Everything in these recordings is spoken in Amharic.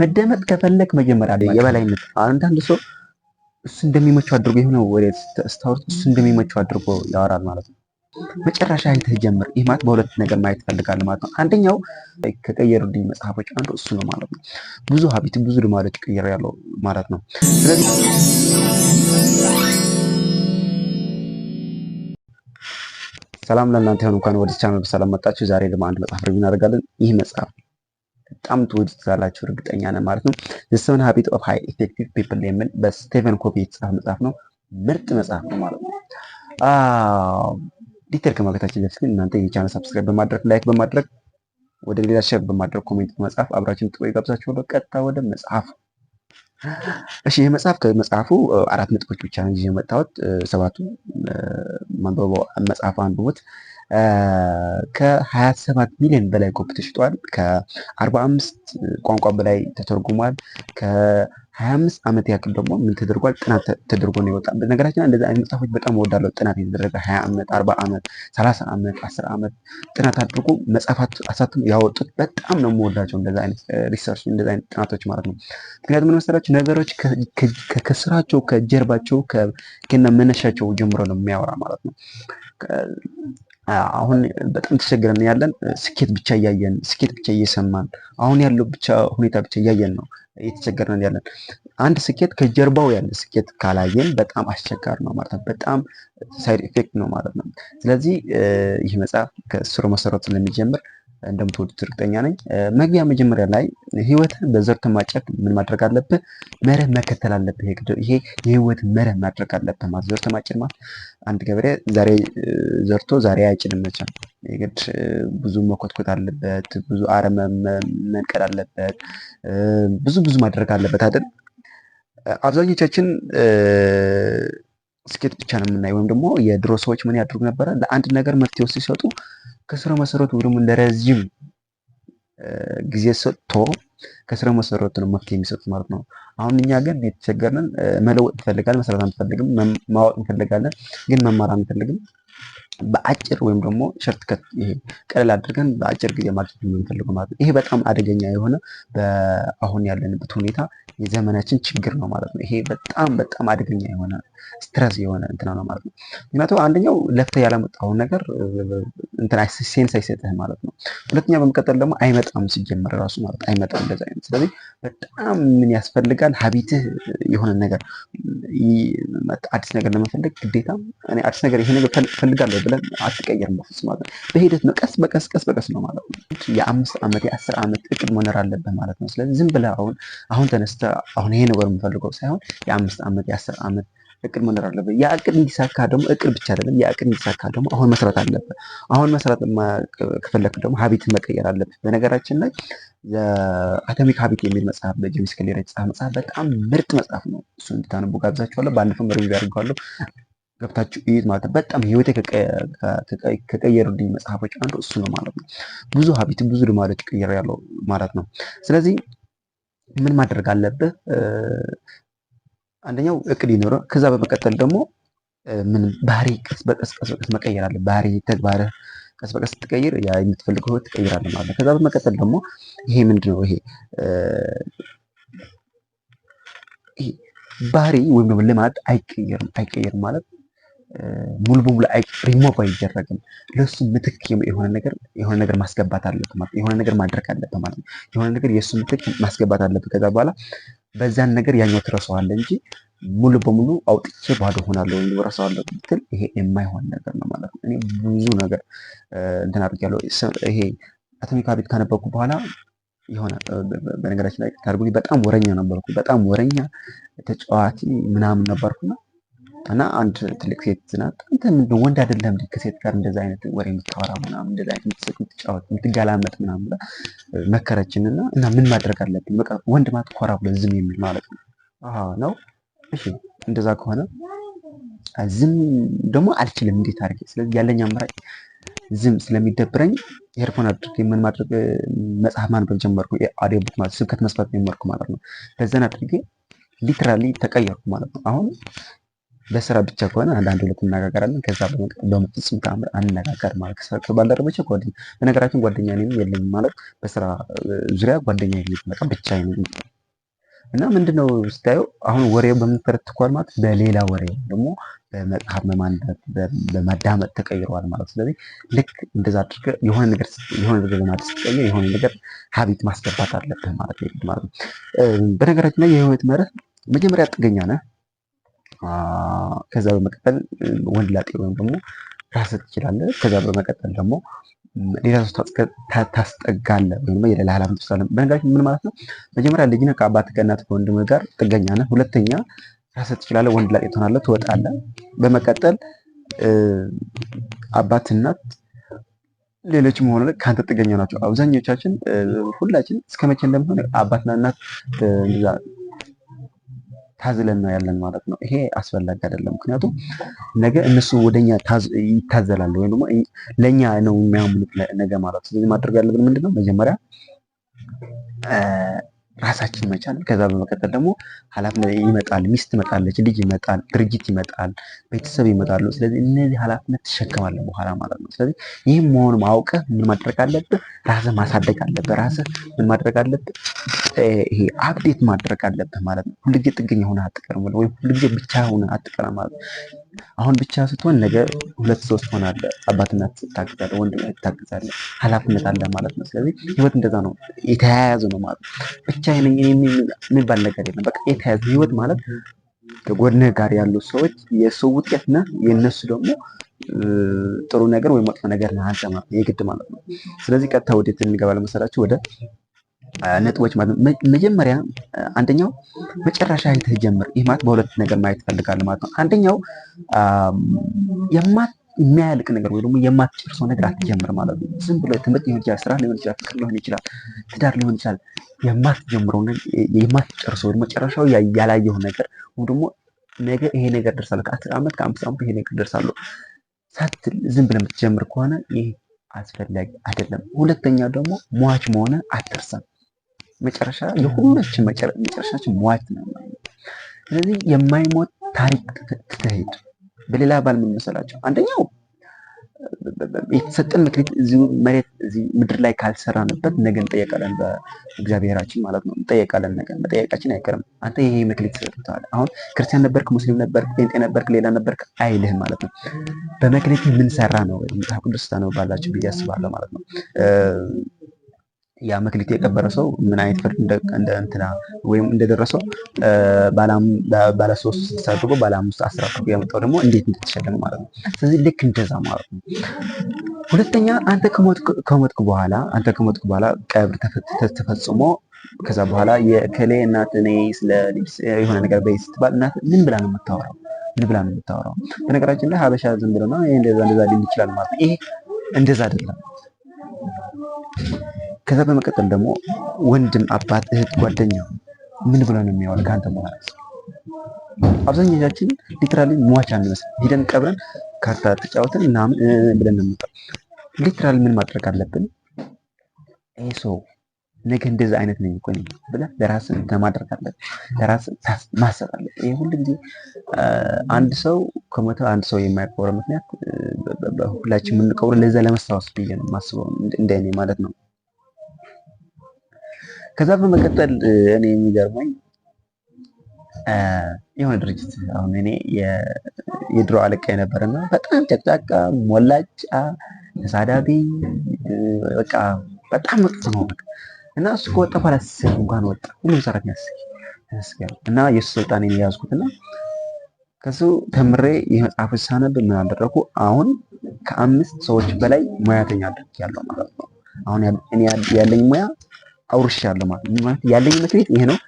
መደመጥ ከፈለክ መጀመሪያ የበላይነት አንዳንድ ሰው እሱ እንደሚመቸው አድርጎ የሆነ ወደ ስታወርት እሱ እንደሚመቸው አድርጎ ያወራል ማለት ነው። መጨረሻ አይተህ ጀምር። ይህ ማለት በሁለት ነገር ማየት ፈልጋል ማለት ነው። አንደኛው ከቀየሩልኝ መጽሐፎች አንዱ እሱ ነው ማለት ነው። ብዙ ሀቢት፣ ብዙ ልማዶች ቀየሩ ያለው ማለት ነው። ስለዚህ ሰላም ለእናንተ ይሁን። እንኳን ወደ ቻናል በሰላም መጣችሁ። ዛሬ ደግሞ አንድ መጽሐፍ ሪቪው እናደርጋለን። ይህ መጽሐፍ በጣም ትወዱታላችሁ እርግጠኛ ነኝ ማለት ነው። ዘ ሰቨን ሀቢት ኦፍ ሃይ ኢፌክቲቭ ፒፕል የሚል በስቴቨን ኮቪ የተጻፈ መጽሐፍ ነው። ምርጥ መጽሐፍ ነው ማለት ነው። ዲቴል ከማግኘታችን በፊት ግን እናንተ የቻናል ሰብስክራይብ በማድረግ ላይክ በማድረግ ወደ ሌላ ሸር በማድረግ ኮሜንት በመጽሐፍ አብራችን ጥቆ ይጋብዛችኋለሁ። ቀጥታ ወደ መጽሐፍ እሺ ይህ መጽሐፍ ከመጽሐፉ አራት ነጥቦች ብቻ ነው ይዤ የመጣሁት። ሰባቱ ማንበበ መጽሐፍ አንብቦት ከ27 ሚሊዮን በላይ ኮፒ ተሽጧል። ከ45 ቋንቋ በላይ ተተርጉሟል። ከ25 ዓመት ያክል ደግሞ ምን ተደርጓል? ጥናት ተደርጎ ነው የወጣ። በነገራችን እንደዚህ አይነት መጽሐፎች በጣም እወዳለሁ። ጥናት የተደረገ 20 ዓመት፣ 40 ዓመት፣ 30 ዓመት፣ 10 ዓመት ጥናት አድርጎ መጽሐፋት አሳትም ያወጡት በጣም ነው የምወዳቸው። እንደዚህ አይነት ሪሰርች፣ እንደዚህ አይነት ጥናቶች ማለት ነው። ምክንያቱም ምን መሰላቸው ነገሮች ከስራቸው ከጀርባቸው ከና መነሻቸው ጀምሮ ነው የሚያወራ ማለት ነው። አሁን በጣም ተቸግረን ያለን ስኬት ብቻ እያየን ስኬት ብቻ እየሰማን አሁን ያለው ብቻ ሁኔታ ብቻ እያየን ነው እየተቸገረን ያለን። አንድ ስኬት ከጀርባው ያለ ስኬት ካላየን በጣም አስቸጋሪ ነው ማለት ነው። በጣም ሳይድ ኢፌክት ነው ማለት ነው። ስለዚህ ይህ መጽሐፍ ከስሩ መሰረቱ ስለሚጀምር እንደምትወዱት እርግጠኛ ነኝ። መግቢያ መጀመሪያ ላይ ህይወትን በዘር ማጨድ ምን ማድረግ አለብህ? መርህ መከተል አለብህ። ይሄ የህይወት መርህ ማድረግ አለብህ ማለት ዘር ማጨድ ማለት አንድ ገበሬ ዛሬ ዘርቶ ዛሬ አይጭድም መቻል የግድ ብዙ መኮትኮት አለበት፣ ብዙ አረም መንቀል አለበት፣ ብዙ ብዙ ማድረግ አለበት አይደል? አብዛኞቻችን ስኬት ብቻ ነው የምናየው። ወይም ደግሞ የድሮ ሰዎች ምን ያደርጉ ነበረ? ለአንድ ነገር መፍትሄ ሲሰጡ ከስረ መሰረቱ ደግሞ ለረዥም ጊዜ ሰጥቶ ከስረ መሰረቱ ነው መፍትሄ የሚሰጡት ማለት ነው። አሁን እኛ ግን የተቸገርነን መለወጥ እንፈልጋለን፣ መሰራት አንፈልግም፣ ማወቅ እንፈልጋለን፣ ግን መማር አንፈልግም። በአጭር ወይም ደግሞ ሸርት ከት ይሄ ቀለል አድርገን በአጭር ጊዜ ማድረግ የምንፈልገው ማለት ነው። ይሄ በጣም አደገኛ የሆነ በአሁን ያለንበት ሁኔታ የዘመናችን ችግር ነው ማለት ነው። ይሄ በጣም በጣም አደገኛ የሆነ ስትረስ የሆነ እንትና ነው ማለት ነው። ምክንያቱም አንደኛው ለፍተ ያለመጣውን ነገር እንትን ሴንስ አይሰጥህ ማለት ነው። ሁለተኛ በመቀጠል ደግሞ አይመጣም ሲጀመር ራሱ ማለት አይመጣም እንደዚ አይነት። ስለዚህ በጣም ምን ያስፈልጋል ሀቢትህ የሆነ ነገር አዲስ ነገር ለመፈለግ ግዴታ አዲስ ነገር ይሄ ነገር ፈልጋለሁ ብለን አትቀየርም በፍጹም ማለት ነው። በሂደት ነው፣ ቀስ በቀስ ቀስ በቀስ ነው ማለት ነው። የአምስት ዓመት የአስር ዓመት እቅድ መኖር አለበት ማለት ነው። ስለዚህ ዝም ብለህ አሁን አሁን ተነስተ አሁን ይሄ ነገር የምፈልገው ሳይሆን የአምስት ዓመት የአስር ዓመት እቅድ መኖር አለበት። ያ እቅድ እንዲሳካ ደግሞ እቅድ ብቻ አይደለም፣ ያ እቅድ እንዲሳካ ደግሞ አሁን መስራት አለበት። አሁን መስራት ከፈለክ ደግሞ ሀቢት መቀየር አለበት። በነገራችን ላይ አቶሚክ ሀቢት የሚል መጽሐፍ በጀምስ ክሊር የተጻፈ መጽሐፍ በጣም ምርጥ መጽሐፍ ነው። እሱ እንድታነቡ ጋብዛችኋለሁ። ባለፈው ሪቪው አድርገዋለሁ። ገብታችሁ እዩት ማለት ነው። በጣም ህይወቴ ከቀየሩልኝ መጽሐፎች አንዱ እሱ ነው ማለት ነው። ብዙ ሀቢት ብዙ ልማዶች ቀየር ያለው ማለት ነው። ስለዚህ ምን ማድረግ አለብህ? አንደኛው እቅድ ይኖረ። ከዛ በመቀጠል ደግሞ ምን ባህሪ ቀስ በቀስ ቀስ በቀስ መቀየር አለ። ባህሪ ተግባር ቀስ በቀስ ያ የምትፈልገው ህይወት ትቀይራለህ ማለት ነው። ከዛ በመቀጠል ደግሞ ይሄ ነው ይሄ ባህሪ ወይም ደግሞ ልማድ አይቀየርም አይቀየርም ማለት ሙሉ በሙሉ ሪሞቭ አይደረግም። ለሱ ምትክ የሆነ ነገር የሆነ ነገር ማስገባት አለበት ማለት የሆነ ነገር ማድረግ አለበት ማለት ነው። የሆነ ነገር ምትክ ማስገባት አለበት። ከዛ በኋላ በዛን ነገር ያኛው ትረሳዋለህ እንጂ ሙሉ በሙሉ አውጥቼ ባዶ ሆናለሁ ወይም እረሳዋለሁ ብትል ይሄ የማይሆን ነገር ነው ማለት ነው። እኔ ብዙ ነገር እንትን ይሄ አቶሚክ ካነበብኩ በኋላ የሆነ በነገራችን ላይ ታርጉ በጣም ወረኛ ነበርኩ። በጣም ወረኛ ተጫዋቲ ምናምን ነበርኩና እና አንድ ትልቅ ሴት ናት። አንተ ወንድ አይደለም ከሴት ጋር እንደዛ አይነት ወሬ የምታወራ ምናምን እንደዛ አይነት የምትስቅ የምትጫወት የምትገላመጥ ምናምን ብላ መከረችን እና እና ምን ማድረግ አለብን? በቃ ወንድ ማት ኮራ ብለ ዝም የሚል ማለት ነው ነው። እሺ እንደዛ ከሆነ ዝም ደግሞ አልችልም፣ እንዴት አድርጌ? ስለዚህ ያለኝ አማራጭ ዝም ስለሚደብረኝ ሄድፎን አድርጌ ምን ማድረግ መጽሐፍ ማንበብ ጀመርኩ። አዲዮ ቡክ ማለት ስብከት መስፋት ጀመርኩ ማለት ነው። ለዘን አድርጌ ሊትራሊ ተቀየርኩ ማለት ነው። አሁን በስራ ብቻ ከሆነ አንዳንድ ሁለት እነጋገራለን። ከዛ በመቀጠል በፍጹም ተአምር አንነጋገር ማለት ከስራ ባልደረበች ጓደኛ በነገራችን ጓደኛ እኔም የለኝም ማለት በስራ ዙሪያ ጓደኛ የለኝም፣ በቃ ብቻዬን እና ምንድነው ስታየው አሁን ወሬ በምን ማለት በሌላ ወሬ ደግሞ በመጽሐፍ በማንበብ በማዳመጥ ተቀይረዋል ማለት ስለዚህ ልክ እንደዛ አድርገህ የሆነ ነገር የሆነ ነገር ለማድረግ ስትቀይር የሆነ ነገር ሀቢት ማስገባት አለብህ ማለት ማለት በነገራችን ላይ የህይወት መርህ መጀመሪያ ጥገኛ ነህ። ከዛ በመቀጠል ወንድ ላጤ ወይም ደግሞ ራስ ትችላለህ። ከዛ በመቀጠል ደግሞ ሌላ ሰው ታስጠጋለህ ወይም የሌላ ኃላፊነት ትወስዳለህ። በነገራችን ምን ማለት ነው? መጀመሪያ ልጅ ነህ፣ ከአባት ከእናት ከወንድም ጋር ጥገኛ ነህ። ሁለተኛ ራስ ትችላለህ፣ ወንድ ላጤ ትሆናለህ፣ ትወጣለህ። በመቀጠል አባት እናት ሌሎች መሆኑ ከአንተ ጥገኛ ናቸው። አብዛኞቻችን ሁላችን እስከ መቼ እንደምሆን አባትና እናት ታዝለን ነው ያለን ማለት ነው። ይሄ አስፈላጊ አይደለም። ምክንያቱም ነገ እነሱ ወደኛ ይታዘላሉ ወይም ደግሞ ለእኛ ነው የሚያምኑት ነገ ማለት። ስለዚህ ማድረግ ያለብን ምንድነው መጀመሪያ ራሳችን መቻል። ከዛ በመቀጠል ደግሞ ኃላፊነት ይመጣል፣ ሚስት ትመጣለች፣ ልጅ ይመጣል፣ ድርጅት ይመጣል፣ ቤተሰብ ይመጣሉ። ስለዚህ እነዚህ ኃላፊነት ትሸከማለ በኋላ ማለት ነው። ስለዚህ ይህም መሆኑ ማውቀ ምን ማድረግ አለብህ? ራስህ ማሳደግ አለብህ። ራስህ ምን ማድረግ አለብህ? ይሄ አፕዴት ማድረግ አለብህ ማለት ነው። ሁልጊዜ ጥገኛ ሆነህ አትቀርም፣ ወይም ሁልጊዜ ብቻ ሆነህ አትቀርም ማለት ነው። አሁን ብቻ ስትሆን ነገ ሁለት ሶስት ሆናለ። አባትነት ትታግዛለ፣ ወንድ ትታግዛለ፣ ሀላፍነት አለ ማለት ነው። ስለዚህ ህይወት እንደዛ ነው፣ የተያያዙ ነው ማለት ብቻ ብቻዬን የሚባል ነገር የለም። በቃ የተያያዙ ህይወት ማለት ከጎድነህ ጋር ያሉ ሰዎች የሰው ውጤት ነ የእነሱ ደግሞ ጥሩ ነገር ወይም መጥፎ ነገር ነ አንተ ማለት ነው፣ የግድ ማለት ነው። ስለዚህ ቀጥታ ወዴት እንገባለን መሰላችሁ? ወደ ነጥቦች ማለት ነው። መጀመሪያ አንደኛው መጨረሻ አይተህ ጀምር። ይህ ማለት በሁለት ነገር ማየት ትፈልጋለህ ማለት ነው። አንደኛው የሚያልቅ ነገር ወይ ደግሞ የማትጨርሰው ነገር አትጀምር ማለት ነው። ዝም ብሎ ትምህርት ሊሆን ይችላል፣ ስራ ሊሆን ይችላል፣ ፍቅር ሊሆን ይችላል፣ ትዳር ሊሆን ይችላል። የማትጀምረው የማትጨርሰው ወይ መጨረሻው ያላየው ነገር ወይ ደግሞ ነገ ይሄ ነገር ደርሳለ ከአስር ዓመት ከአምስት ዓመት ይሄ ነገር ደርሳለ ሳትል ዝም ብለህ የምትጀምር ከሆነ ይህ አስፈላጊ አይደለም። ሁለተኛ ደግሞ ሟች መሆነ አትርሰም። መጨረሻ የሁላችን መጨረሻችን ሟት ነው። ስለዚህ የማይሞት ታሪክ ትተሄድ። በሌላ ባል ምን መሰላቸው? አንደኛው የተሰጠን ምክንያት እዚሁ መሬት እዚህ ምድር ላይ ካልሰራንበት ነገ እንጠየቃለን፣ በእግዚአብሔራችን ማለት ነው እንጠየቃለን። ነገ መጠየቃችን አይቀርም። አንተ ይሄ ምክንያት ሰጥተዋል። አሁን ክርስቲያን ነበርክ፣ ሙስሊም ነበርክ፣ ጴንጤ ነበርክ፣ ሌላ ነበርክ አይልህም ማለት ነው። በምክንያት ምን ሰራ ነው መጽሐፍ ቅዱስ ነው ባላቸው ብዬ አስባለሁ ማለት ነው። ያ መክሊት የቀበረ ሰው ምን አይነት ፍርድ እንደ እንትና ወይም እንደደረሰው ባለ ሶስት ስድስት አድርጎ ባለ አምስት አስር አድርጎ ያመጣው ደግሞ እንዴት እንደተሸለመ ማለት ነው። ስለዚህ ልክ እንደዛ ማለት ነው። ሁለተኛ አንተ ከሞትክ በኋላ አንተ ከሞትክ በኋላ ቀብር ተፈጽሞ ከዛ በኋላ የከሌ እናት እኔ ስለ የሆነ ነገር በይ ስትባል እናት ምን ብላ ነው የምታወራው? ምን ብላ ነው የምታወራው? በነገራችን ላይ ሀበሻ ዝም ብለና እንደዛ እንደዛ ሊል ይችላል ማለት ነው። ይሄ እንደዛ አይደለም። ከዛ በመቀጠል ደግሞ ወንድም፣ አባት፣ እህት፣ ጓደኛ ምን ብሎ ነው የሚያወል ከአንተ በኋላ አብዛኛቻችን ሊትራሊ ሟች አንመስል ሂደን ቀብረን ካርታ ተጫወተን ምናምን ብለን ነው ሊትራሊ ምን ማድረግ አለብን? ይህ ሰው ነገ እንደዚህ አይነት ነው የሚቆኝ ብለህ ለራስህ ለማድረግ አለብህ። ለራስህ ማሰብ አለብህ። ይህ ሁሉ ጊዜ አንድ ሰው ከሞተ አንድ ሰው የማይቆረ ምክንያት ሁላችን የምንቀብረው ለዛ ለመስታወስ ብዬ ነው የማስበው እንደኔ ማለት ነው። ከዛ በመቀጠል እኔ የሚገርመኝ የሆነ ድርጅት አሁን እኔ የድሮ አለቃ የነበረ የነበረና በጣም ጨቅጫቃ፣ ሞላጫ፣ ተሳዳቢ በቃ በጣም መጥፎ ነው እና እሱ ከወጣ በኋላ ስል እንኳን ወጣ ሁሉም ሰራተኛ ስል እና የእሱ ስልጣን የሚያዝኩት የያዝኩትና ከሱ ተምሬ ይህ የመጽሐፎች ሳነብ ምን አደረኩ? አሁን ከአምስት ሰዎች በላይ ሙያተኛ አድርግ ያለው ማለት ነው። አሁን እኔ ያለኝ ሙያ አውርሻለሁ ማለት ነው። ያለኝ መክሊት ይሄ ነው።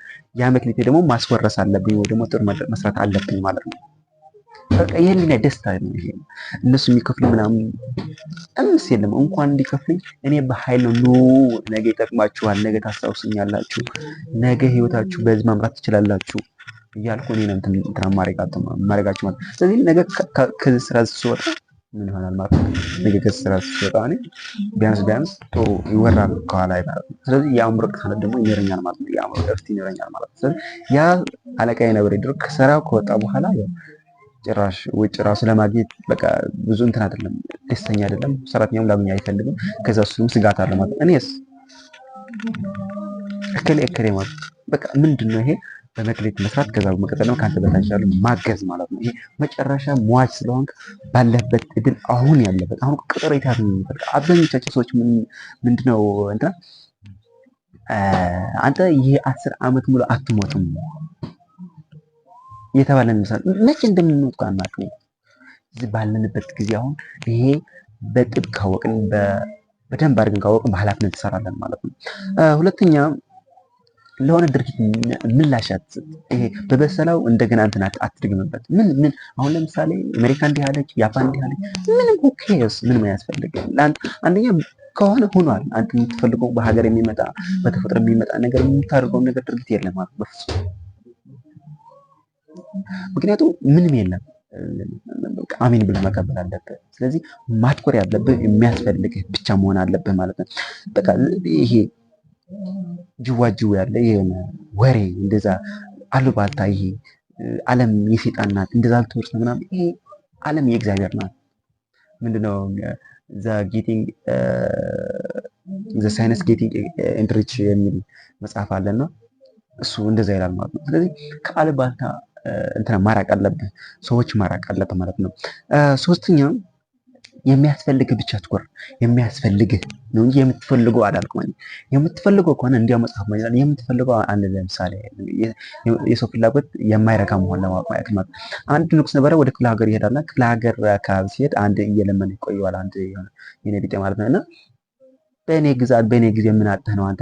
ያ መክሊቴ ደግሞ ማስወረስ አለብኝ ወይ ደግሞ ጥሩ መስራት አለብኝ ማለት ነው። በቃ የህሊና ደስታ ነው ይሄ። እነሱ የሚከፍሉ ምናምን እምስ የለም። እንኳን እንዲከፍልኝ እኔ በኃይል ነው። ኑ ነገ ይጠቅማችኋል፣ ነገ ታስታውሱኛላችሁ፣ ነገ ህይወታችሁ በዚህ መምራት ትችላላችሁ እያልኩ እኔ ነው እንትን ማረጋችሁ ማለት ስለዚህ ነገ ከዚህ ስራ ስወጣ ምን ይሆናል ማለት ነው። ንግግር ስራ ሲወጣ እኔ ቢያንስ ቢያንስ ጥሩ ይወራል ከኋላ ማለት ነው። ስለዚህ የአእምሮ ቅሳነት ደግሞ ይኖረኛል ማለት ነው። የአእምሮ እርፍት ይኖረኛል ማለት ነው። ስለዚህ ያ አለቃዬ ነበር ድሮ ከስራው ከወጣ በኋላ ያው ጭራሽ ውጭ ራሱ ለማግኘት በቃ ብዙ እንትን አይደለም፣ ደስተኛ አይደለም። ሰራተኛውም ላገኝ አይፈልግም። ከዛ እሱም ስጋት አለ ማለት ነው። እኔስ እክሌ እክሌ ማለት በቃ ምንድን ነው ይሄ በመክሌት መስራት ከዛ በመቀጠል ነው ከአንተ በታች ያሉ ማገዝ ማለት ነው። ይሄ መጨረሻ ሟች ስለሆንክ ባለበት እድል አሁን ያለበት አሁን ቅጥር የታት ነው። አብዛኞቻቸው ሰዎች ምንድነው እንትና አንተ ይሄ አስር ዓመት ሙሉ አትሞትም የተባለ ይመስላል። መቼ እንደምንሞት አናውቅም። እዚህ ባለንበት ጊዜ አሁን ይሄ በጥብ ካወቅን በደንብ አድርገን ካወቅን በኃላፊነት ትሰራለን ማለት ነው። ሁለተኛ ለሆነ ድርጊት ምላሽ ይሄ በበሰላው እንደገና እንትን አትድግምበት። ምን ምን አሁን ለምሳሌ አሜሪካ እንዲህ አለች፣ ያፓን እንዲህ አለች። ምንም ሁኬስ ምንም አያስፈልግም። አንደኛ ከሆነ ሆኗል። አንድ የምትፈልገው በሀገር የሚመጣ በተፈጥሮ የሚመጣ ነገር የምታደርገው ነገር ድርጊት የለም አሉ በፍጹም። ምክንያቱም ምንም የለም አሚን ብለህ መቀበል አለብህ። ስለዚህ ማትኮር ያለብህ የሚያስፈልግህ ብቻ መሆን አለብህ ማለት ነው። በቃ ይሄ ጅዋጅው ያለ የሆነ ወሬ እንደዛ አሉባልታ፣ ይሄ ዓለም የሴጣን ናት እንደዛ ልትወርስ ምናምን፣ ይሄ ዓለም የእግዚአብሔር ናት። ምንድነው ዘ ጌቲንግ ጌቲንግ ኢንትሪች የሚል መጽሐፍ አለና እሱ እንደዛ ይላል ማለት ነው። ስለዚህ ከአሉባልታ እንትና ማራቅ አለብህ፣ ሰዎች ማራቅ አለብህ ማለት ነው። ሶስተኛው የሚያስፈልግህ ብቻ ትኩር። የሚያስፈልግህ ነው እንጂ የምትፈልገው አላልኩም። የምትፈልገው ከሆነ እንዲያው መጽሐፍ ማለት ነው። የምትፈልገው አንድ ለምሳሌ የሰው ፍላጎት የማይረካ መሆን ለማወቅ ማለት ነው። አንድ ንጉስ ነበረ። ወደ ክፍለ ሀገር ይሄዳልና ክፍለ ሀገር አካባቢ ሲሄድ አንድ እየለመነ ይቆየዋል። አንድ የሆነ የኔ ቢጤ ማለት ነው እና በእኔ ግዛት በእኔ ጊዜ ምን አጥተህ ነው አንተ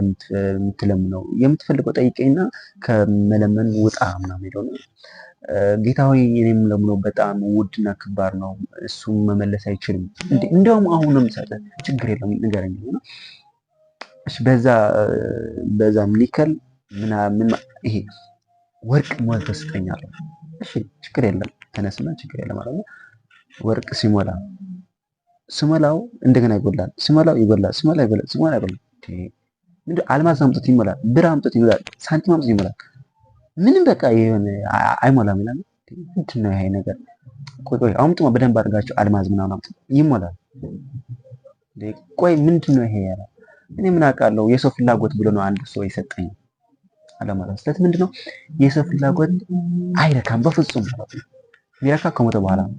የምትለምነው? የምትፈልገው ጠይቀኝና ከመለመን ውጣ ምናምን ሄደው ጌታ ሆይ እኔም ለምነው በጣም ውድና ክባር ነው፣ እሱም መመለስ አይችልም። እንዲያውም አሁንም ሰጠ ችግር የለም ንገረኝ ነው በዛ በዛም ኒከል ምናምን ይሄ ወርቅ ሞልቶ ስጠኝ እሺ ችግር የለም ተነስና ችግር የለም አለ። ወርቅ ሲሞላ ስሞላው እንደገና ይጎላል፣ ስሞላው ይጎላል፣ ስሞላው ይጎላል፣ ስሞላው ይጎላል። አልማዝ አምጥቶ ይሞላል፣ ብር አምጥቶ ይሞላል፣ ሳንቲም አምጥቶ ይሞላል። ምንም በቃ የሆነ አይሞላም ይላል። ምንድን ነው ይሄ ነገር? ቆይ ቆይ አምጡ በደንብ አድርጋቸው አልማዝ ምናምን አምጡ ይሞላል። ቆይ ምንድን ነው ይሄ ያለ? እኔ ምን አውቃለሁ፣ የሰው ፍላጎት ብሎ ነው አንድ ሰው የሰጠኝ አለማለት። ስለዚህ ምንድን ነው የሰው ፍላጎት አይረካም በፍጹም ሚረካ ከሞተ በኋላ ነው።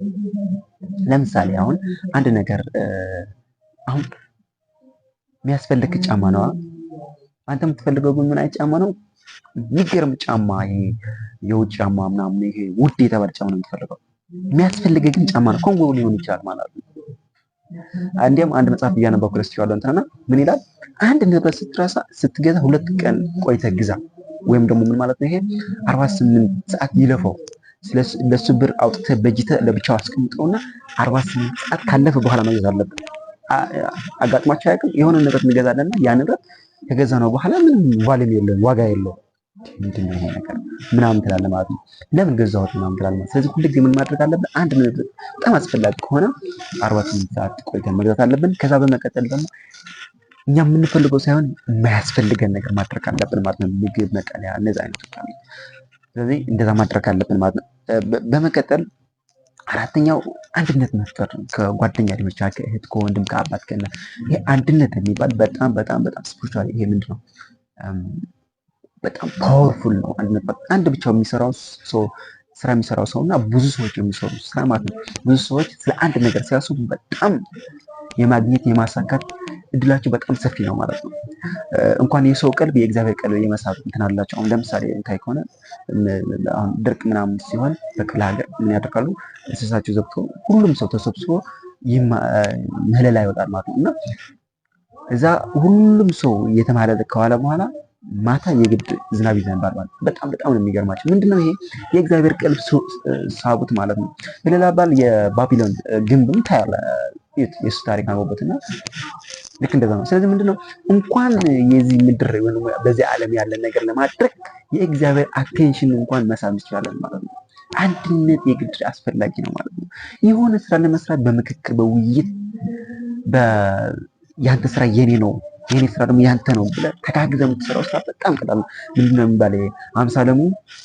ለምሳሌ አሁን አንድ ነገር አሁን የሚያስፈልግ ጫማ ነው። አንተ የምትፈልገው ግን ምን አይነት ጫማ ነው? የሚገርም ጫማ ይሄ የውጭ ጫማ ምናምን ይሄ ውድ የተባለ ጫማ ነው የሚፈልገው። የሚያስፈልገ ግን ጫማ ነው። ኮንጎ ሊሆን ይችላል ማለት ነው። እንዲያም አንድ መጽሐፍ እያነበብኩ ረስቼዋለሁ። እንትና ምን ይላል? አንድ ንብረት ስትረሳ ስትገዛ ሁለት ቀን ቆይተ ግዛ። ወይም ደግሞ ምን ማለት ነው ይሄ አርባ ስምንት ሰዓት ይለፈው ለሱ ብር አውጥተ በጅተ ለብቻው አስቀምጠውና አርባ ስምንት ሰዓት ካለፈ በኋላ መግዛት አለብን። አጋጥሟቸው አያውቅም? የሆነ ንብረት እንገዛለን ያ ንብረት ከገዛ ነው በኋላ ምንም ቫሊም የለውም ዋጋ የለውም። ምንድነው ይሄ ነገር ምናምን ትላለህ ማለት ነው። ለምን ገዛሁት ምናምን ትላለህ ማለት ስለዚህ ሁልጊዜ ምን ማድረግ አለብን? አንድ ነገር በጣም አስፈላጊ ከሆነ አርባ ስምንት ሰዓት ቆይተን መግዛት አለብን። ከዛ በመቀጠል ደግሞ እኛ የምንፈልገው ሳይሆን የማያስፈልገን ነገር ማድረግ አለብን ማለት ነው። ምግብ፣ መጠለያ፣ እነዚህ አይነት ስለዚህ እንደዛ ማድረግ አለብን ማለት ነው። በመቀጠል አራተኛው አንድነት መፍጠር ከጓደኛ ሊመቻ ከእህት፣ ከወንድም፣ ከአባት፣ ከና ይሄ አንድነት የሚባል በጣም በጣም በጣም ስፒሪቹዋል ይሄ ምንድን ነው በጣም ፓወርፉል ነው። አንድ አንድ ብቻው የሚሰራው ሰው ስራ የሚሰራው ሰው እና ብዙ ሰዎች የሚሰሩ ስራ ማለት ነው። ብዙ ሰዎች ስለ አንድ ነገር ሲያስቡ በጣም የማግኘት የማሳካት እድላቸው በጣም ሰፊ ነው ማለት ነው። እንኳን የሰው ቀልብ የእግዚአብሔር ቀልብ የመሳብ እንትን አላቸው። አሁን ለምሳሌ እንታይ ከሆነ አሁን ድርቅ ምናምን ሲሆን በክፍለ ሀገር ምን ያደርጋሉ? እንስሳቸው ዘግቶ ሁሉም ሰው ተሰብስቦ ምህለላ ይወጣል ማለት ነው እና እዛ ሁሉም ሰው እየተማለለ ከኋላ በኋላ ማታ የግድ ዝናብ ይዘንባል ማለት ነው። በጣም በጣም ነው የሚገርማቸው። ምንድነው ይሄ የእግዚአብሔር ቀልብ ሳቡት ማለት ነው። በሌላ ባል የባቢሎን ግንብም ታያለ የሱ ታሪክ አንቦበት እና ልክ እንደዛ ነው። ስለዚህ ምንድነው እንኳን የዚህ ምድር በዚህ ዓለም ያለን ነገር ለማድረግ የእግዚአብሔር አቴንሽን እንኳን መሳብ እንችላለን ማለት ነው። አንድነት የግድ አስፈላጊ ነው ማለት ነው። የሆነ ስራ ለመስራት በምክክር በውይይት ያንተ ስራ የኔ ነው ይህን ስራ ደግሞ ያንተ ነው ብለ ተጋግዘህ የምትሰራው ስራ በጣም ቀላል ነው። ምንድን የሚባለው? አምሳ ለሙ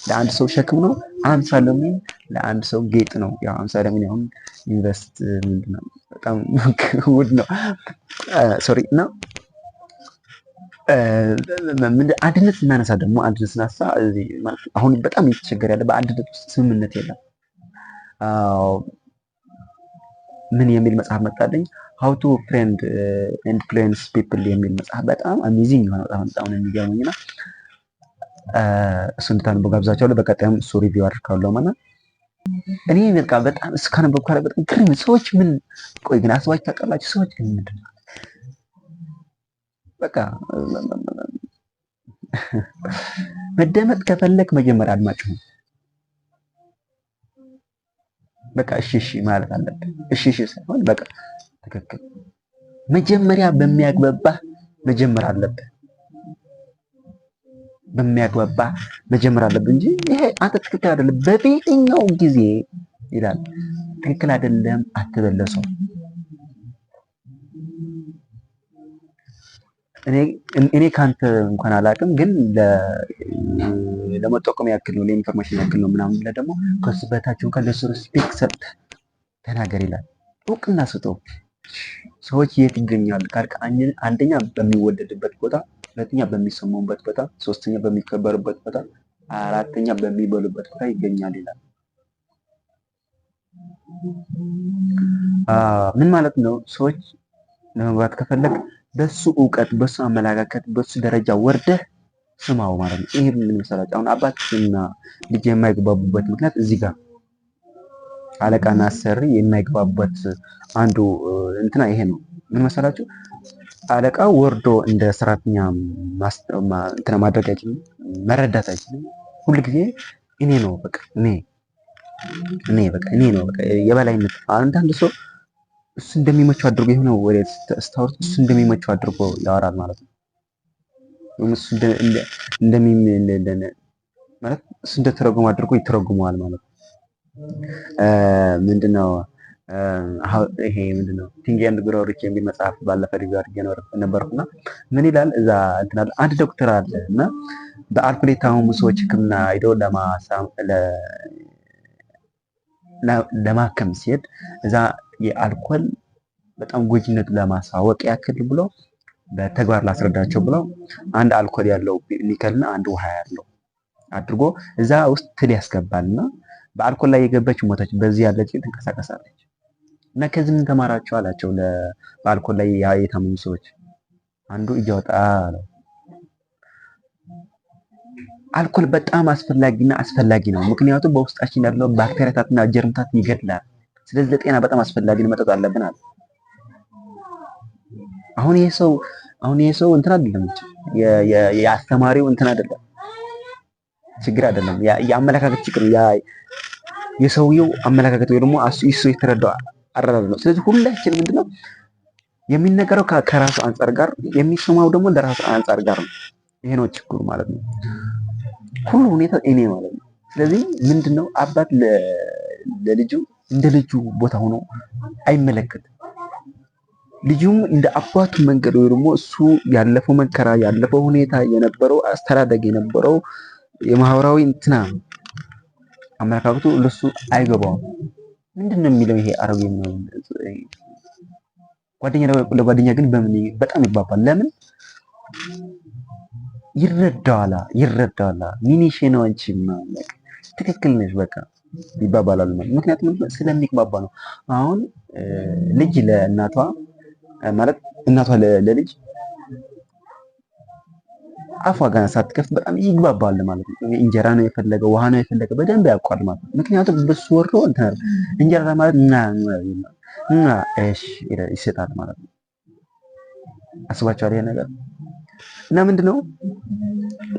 ለአንድ ሰው ሸክም ነው፣ አምሳ ለሙ ለአንድ ሰው ጌጥ ነው። ያው አምሳ ለሙ ሁን ኢንቨስት ምንድነው በጣም ውድ ነው። ሶሪ እና አንድነት ስናነሳ ደግሞ አንድነት ስናሳ አሁን በጣም እየተቸገረ ያለ በአንድነት ውስጥ ስምምነት የለም። ምን የሚል መጽሐፍ መጣለኝ ሀው ቱ ፍሬንድ ኢንፍሉዌንስ ፒፕል የሚል መጽሐፍ በጣም አሜዚንግ የሆነ በጣም በጣም ነው የሚገርመኝ እና እሱ እንድታነቡ ጋብዛቸዋለሁ። በቀጣይም እሱ ሪቪው አድርጋለሁ እና እኔ በቃ በጣም እስካነበብኩ በኋላ በጣም ግርም ሰዎች ምን ቆይ ግን አስባች ታውቃላችሁ? ሰዎች ግን ምንድን ነው በቃ መደመጥ ከፈለክ መጀመሪያ አድማጭ ነው። በቃ እሺ እሺ ማለት አለብን። እሺ እሺ ሳይሆን በቃ ትክክል። መጀመሪያ በሚያግበባ መጀመር አለብህ። በሚያግበባ መጀመር አለብህ እንጂ ይሄ አንተ ትክክል አይደለም በየትኛው ጊዜ ይላል። ትክክል አይደለም አትበለሰው። እኔ ከአንተ እንኳን አላውቅም፣ ግን ለመጠቆም ያክል ነው ለኢንፎርሜሽን ያክል ነው ምናምን ብለህ ደግሞ ከሱ ከለሱ ሪስፔክት ሰጥተህ ተናገር ይላል። እውቅና ስጠው። ሰዎች የት ይገኛሉ? አንደኛ በሚወደድበት ቦታ፣ ሁለተኛ በሚሰሙበት ቦታ፣ ሶስተኛ በሚከበርበት ቦታ፣ አራተኛ በሚበሉበት ቦታ ይገኛል ይላል። ምን ማለት ነው? ሰዎች ለመግባት ከፈለግ በሱ እውቀት፣ በሱ አመለካከት፣ በሱ ደረጃ ወርደህ ስማው ማለት ነው። ይሄ ምን መሰላችሁ? አሁን አባትና ልጅ የማይግባቡበት ምክንያት እዚህ ጋር አለቃና አሰሪ የማይግባቡበት አንዱ እንትና ይሄ ነው። ምን መሰላችሁ አለቃ ወርዶ እንደ ሰራተኛ እንትና ማድረግ አይችልም፣ መረዳት አይችልም። ሁልጊዜ እኔ ነው በቃ እኔ እኔ በቃ እኔ ነው በቃ የበላይነት። አንዳንድ ሰው እሱ እንደሚመቸው አድርጎ የሆነ ወደ ስታወርት እሱ እንደሚመቸው አድርጎ ያወራል ማለት ነው። እሱ እንደሚ ማለት እሱ እንደተረጎመ አድርጎ ይተረጉመዋል ማለት ነው። ምንድነው ይሄ ምንድን ነው ቲንግ ኤንድ ግሮው ሪች የሚል መጽሐፍ ባለፈ ሪቪው አድርጌ ነበርኩና ምን ይላል እዛ እንትን አለ አንድ ዶክተር አለ እና በአልኮል የታመሙ ሰዎች ሕክምና ሄዶ ለማከም ሲሄድ እዛ የአልኮል በጣም ጎጂነት ለማሳወቅ ያክል ብሎ በተግባር ላስረዳቸው ብለው አንድ አልኮል ያለው ኒከልና አንድ ውሃ ያለው አድርጎ እዛ ውስጥ ትል ያስገባልና በአልኮል ላይ የገባች ሞታች በዚህ ያለች ትንቀሳቀሳለች። እና ከዚህ ምን ተማራችሁ አላቸው። በአልኮል ላይ የታመሙ ሰዎች አንዱ እያወጣ አለው። አልኮል በጣም አስፈላጊና አስፈላጊ ነው። ምክንያቱም በውስጣችን ያለው ባክቴሪያታትና ጀርምታት ይገድላል። ስለዚህ ለጤና በጣም አስፈላጊ ነው፣ መጠጥ አለብን አለ። አሁን ይሄ ሰው አሁን ይሄ ሰው እንትን አይደለም፣ የአስተማሪው እንትን አይደለም፣ ችግር አይደለም፣ የአመለካከት ችግር የሰውየው አመለካከት ወይ ደግሞ እሱ የተረዳው አረዳድ ነው። ስለዚህ ሁላችን ምንድነው የሚነገረው ከራሱ አንጻር ጋር የሚሰማው ደግሞ ለራሱ አንጻር ጋር ነው። ይሄ ነው ችግሩ ማለት ነው። ሁሉ ሁኔታ እኔ ማለት ነው። ስለዚህ ምንድነው አባት ለልጁ እንደ ልጁ ቦታ ሆኖ አይመለከትም። ልጁም እንደ አባቱ መንገድ ወይ ደግሞ እሱ ያለፈው መከራ ያለፈው ሁኔታ የነበረው አስተዳደግ የነበረው የማህበራዊ እንትና አመለካከቱ ለሱ አይገባውም። ምንድን ነው የሚለው ይሄ አረብ የሚሆን ጓደኛ ለጓደኛ ግን በምን በጣም ይባባል። ለምን ይረዳዋላ ይረዳዋላ ሚኒሽ ነው አንቺ ማለት ትክክል ነሽ በቃ ይባባላሉ። ምክንያቱም ስለሚግባባ ነው። አሁን ልጅ ለእናቷ ማለት እናቷ ለልጅ አፏ ጋር ሳትከፍት በጣም ይግባባል ማለት ነው። እንጀራ ነው የፈለገ ውሃ ነው የፈለገ በደንብ ያውቋል ማለት ነው። ምክንያቱም በሱ ወርዶ እንጀራ ማለት ይሰጣል ማለት ነው። አስባችኋል ይሄ ነገር እና ምንድን ነው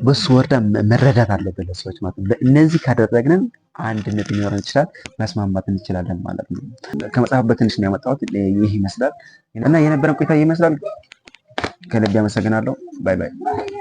በሱ ወርዳ መረዳት አለብን ለሰዎች ማለት ነው። እነዚህ ካደረግንን አንድነት ሊኖረን ይችላል፣ መስማማት እንችላለን ማለት ነው። ከመጽሐፍ በትንሽ ነው ያመጣሁት። ይህ ይመስላል እና የነበረን ቆይታ ይመስላል። ከልብ ያመሰግናለሁ። ባይ ባይ።